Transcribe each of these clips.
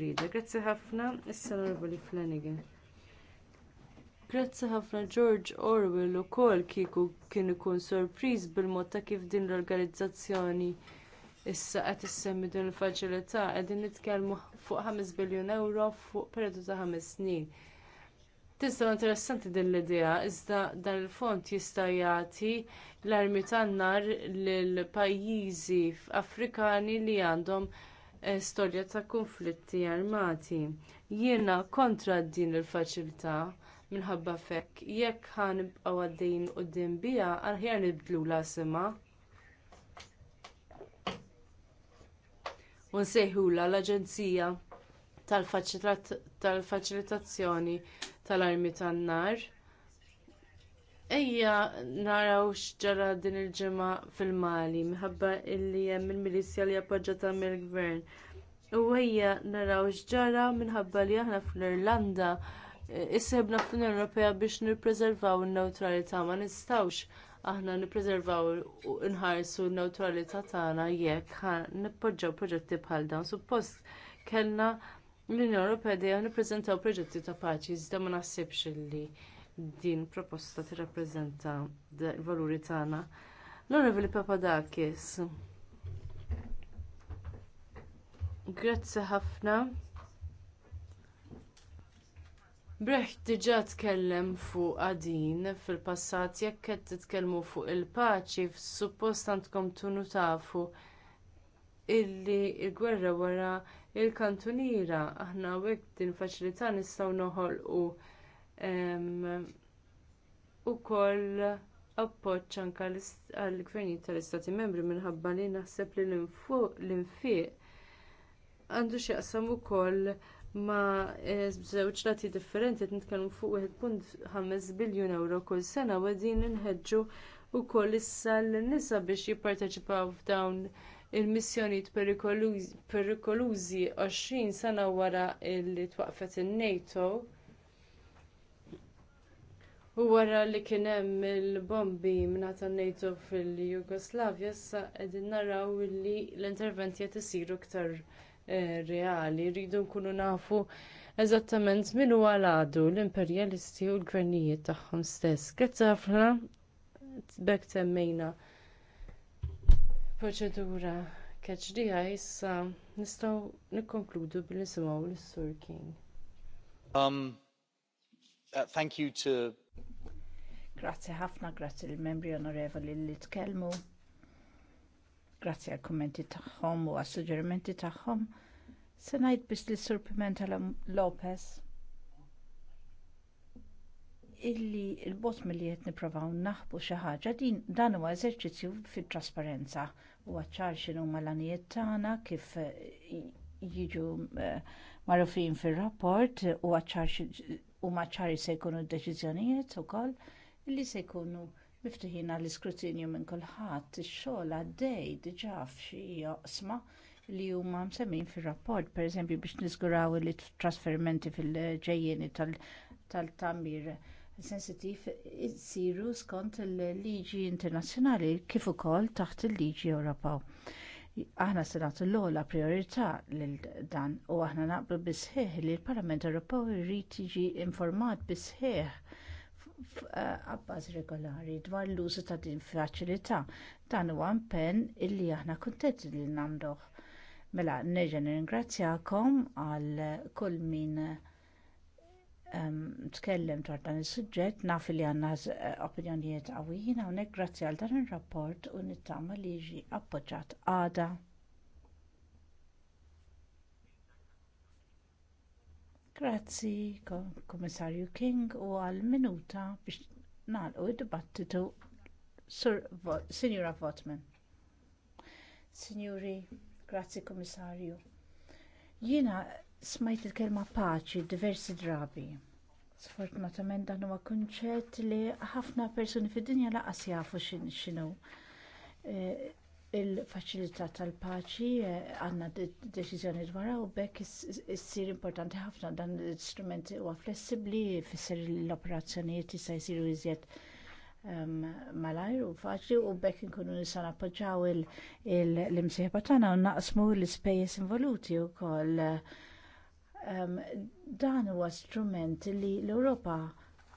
rida. Grazzi ħafna, issa l Flanagan. Grazzi ħafna George Orwell ukoll kieku kien ikun sorpriż bil-mod ta' kif din l-organizzazzjoni issa qed issemmi din il-faċilità qegħdin nitkellmu fuq 5 biljun euro fuq periodu ta' 5 snin. Tista' interessanti din l-idea, iżda dan il-fond jista' jagħti l-armi tan-nar lil pajjiżi Afrikani li għandhom storja ta' konflitti armati. Jiena kontra din il-faċilità minħabba fekk jekk ħanibqgħu għaddejjin quddiem biha aħjar nibdlu l-asima. U nsejħula l-Aġenzija tal-Faċilitazzjoni tal-Armi tan-Nar. Ejja naraw xġara din il-ġimgħa fil-Mali minħabba illi hemm il-milizja li appoġġata mill-gvern. U ejja naraw xġara minħabba li aħna fl-Irlanda eh, issebna fl-Unjoni Ewropea biex nippreservaw in-newtralità ma nistawx aħna nippreservaw u nħarsu n-newtralità tagħna jekk nippoġġaw proġetti bħal dawn. Suppost kellna l-Unjoni Ewropea dejjem nippreżentaw proġetti ta' paċi iżda ma naħsibx illi din proposta tirrappreżenta l-valuri tagħna. L-Onorevoli Papadakis. Grazzi ħafna. Brecht diġà tkellem fuq għadin fil-passat jekk qed titkellmu fuq il-paċi suppost għandkom tunu tafu illi l gwerra wara l kantuniera aħna hekk din faċilità nistgħu noħolqu ukoll appoġġ anke għall gvernijiet tal-Istati Membri minħabba li naħseb li l-infiq għandu x'jaqsam ukoll ma e, żewġ lati differenti qed nitkellmu fuq 1.5 biljun euro kull sena u qegħdin inħeġġu wkoll issa lin-nisa biex jipparteċipaw f'dawn il-missjonijiet perikolużi 20 sena wara li twaqfet in-NATO. U wara li kien hemm il-bombi mingħata NATO fil-Jugoslavja, issa qegħdin naraw li l-interventi qed isiru aktar eh, reali, rridu nkunu nafu eżattament min huwa għadu l-imperjalisti u l-gvernijiet tagħhom stess. Grazzi ħafna bekk temmejna proċedura keċdija issa nistgħu nikkonkludu billi nisimgħu l sur King. Um, uh, thank you to Grazzi ħafna, grazzi l-membri onorevoli li tkellmu. Grazzi għal kummenti tagħhom u għas suġġerimenti tagħhom. Se ngħid biss li surpiment Pimenta Lopez illi il-bot millijiet qed naħbu xi ħaġa din dan huwa eżerċizzju fit-trasparenza u għaċċar x'inhu mal-għanijiet tagħna kif eh, jiġu eh, marufin fir-rapport u għaċċar u maċċari se jkunu d-deċiżjonijiet ukoll li se jkunu miftuħin għall iskrutinju minn kulħadd ix-xogħol għaddej diġà f'xi oqsma li huma msemmin fir-rapport, pereżempju biex niżguraw li trasferimenti fil-ġejjeni tal-tambir sensittiv isiru skont il-liġi internazzjonali kif ukoll taħt il-liġi Ewropew. Aħna se nagħtu l-ogħla priorità lil dan u aħna naqblu bisħieħ li l-Parlament Ewropew irid jiġi informat sħiħ għabbaż eh, regolari dwar l-użu ta' din faċilità. Dan huwa impenn illi aħna kuntenti li nagħmluh. Mela nerġa' nirringrazzjakom għal kull min ehm, tkellem dwar dan is-suġġett, naf li għandna eh, opinjonijiet qawwijin hawnhekk grazzi għal dan ir-rapport u nittama li jiġi appoġġjat għada. Grazzi, Komissarju King, u għal minuta biex nagħlqu id-dibattitu Sur Signora Votman. Signori, grazzi Komissarju. Jiena smajt il-kelma paċi diversi drabi. Sfortunatament dan huwa kunċett li ħafna persuni fid-dinja laqas jafu x'inhu il-faċilità tal-paċi eh, għandna deċiżjoni dwarha u bekk issir importanti ħafna dan l-istrument huwa flessibbli jfisser l-operazzjonijiet jista' jsiru iżjed ehm, malajr u faċli u bekk inkunu nisa nappoġġaw l-imsieħba tagħna u naqsmu l-ispejjeż involuti wkoll. Ehm, dan huwa strument li l-Ewropa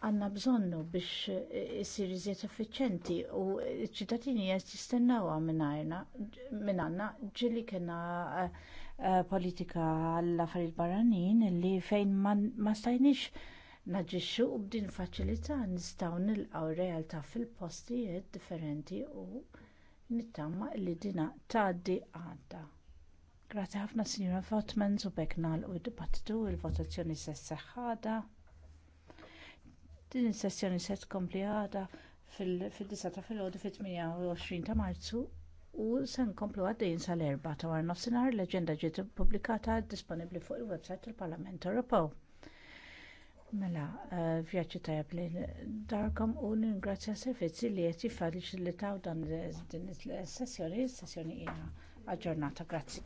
għanna bżonnu biex jisir iżjed effiċjenti u ċ-ċittadini qed jistennawha minn għandna ġieli kena eh, eh, politika għall affarijiet barranin li fejn ma stajniex naġixxu u b'din faċilità nistgħu nilqgħu realtà fil-postijiet differenti u nittama li dina tgħaddi għadda. Grazie ħafna Sinjura Fotman, u bekk nagħlqu d-dibattitu il-votazzjoni se sseħħada. Din is-sessjoni se tkompli għadha fil-9 ta' filgħodu fit-28 ta' Marzu u se nkomplu għaddejjin sal-erba ta' war nofsinhar l-aġenda ġiet ippubblikata disponibbli fuq il-website tal-Parlament Ewropew. Mela, eh, vjaċi tajab li darkom u ningrazzja servizzi li qed jiffadli li taw dan din is-sessjoni, s sessjoni hija aġġornata. Grazzi.